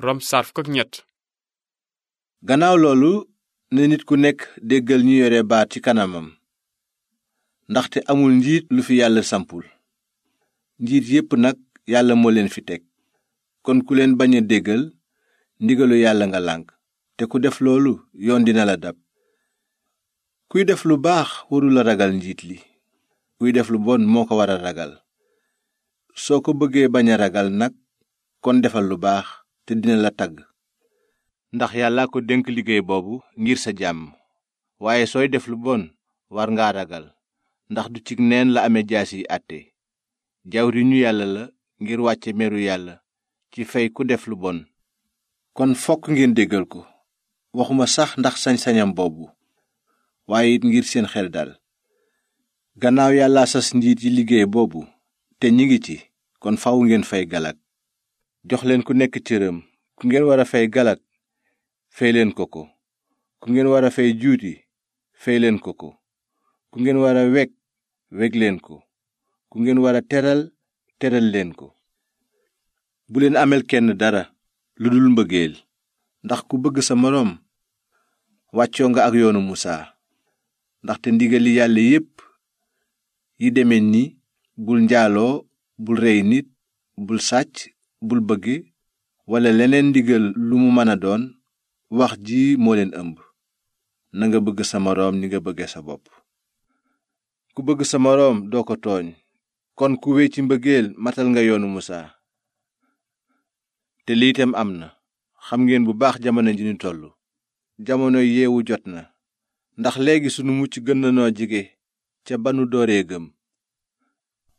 rom saar ñett gannaaw loolu ne nit ku nekk déggal ñu yore baat ci kanamam ndaxte amul njiit lu fi yàlla sampul njiit yépp nag yàlla moo leen fi teg kon ku leen bañ a déggal ndigalu yàlla nga lànk te ku def loolu yoon dina la dab kuy def lu baax warul a ragal njiit li kuy def lu bon moo ko war a ragal soo ko bëggee bañ a ragal nag kon defal lu baax te dina la tagg ndax yàlla ko dénk liggéey boobu ngir sa jàmm waaye sooy def lu bon war nga ragal ndax du cig neen la amee jaas yi àtte jawriñu yàlla la ngir wàcce meru yàlla ci fey ku def lu bon kon fokk ngeen déggal ko waxuma sax ndax sañ-sañam boobu waaye it ngir seen xel dal gannaaw yàlla sa njiit yi liggéey boobu te ñi ngi ci kon faw ngeen fay galak jox leen ku nekk cëram ku ngeen war a fay galag fay leen ko ko ku ngeen war a fay juuti fay leen ko ko ku ngeen war a weg weg leen ko ku ngeen war a teral teral leen ko bu leen amel kenn dara lu dul mbëggeel ndax ku bëgg sa moroom wàccoo nga ak yoonu musaa ndaxte li yàlla yépp yi deme ni bul njaaloo bul rey nit bul sàcc bul bëgge walla leneen ndigal lu mu mën a doon wax ji moo leen ëmb nanga bëgg sa moroom ni nga bëggee sa bopp ku bëgg sa moroom doo ko tooñ kon ku wéy ci mbëggeel matal nga yoonu musaa te lii am na xam ngeen bu baax jamono ji ñu toll jamono yeewu jot na ndax léegi sunu mucc gën na noo jige ca banu nu dooree gëm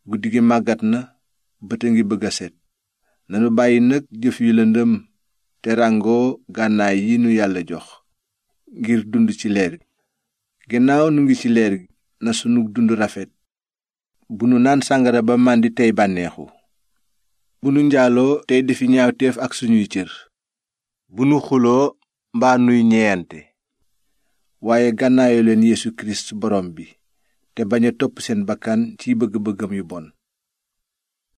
guddi gi màggat na bët a ngi bëgg a set nanu bàyyi nag jëf yu lëndëm te ràngoo gànnaay yi nu yàlla jox ngir dund ci leer gi ginnaaw nu ngi ci leer gi na sunu dund rafet bu nu naan sàngara ba màndi tey bànneexu bu nu njaaloo tey defi ñaawteef ak suñuy cër bu nu xuloo mbaa nuy ñeyante waaye gànnaayu leen yeesu kirist borom bi te bañ a topp seen bakkan ci bëgg-bëggam yu bon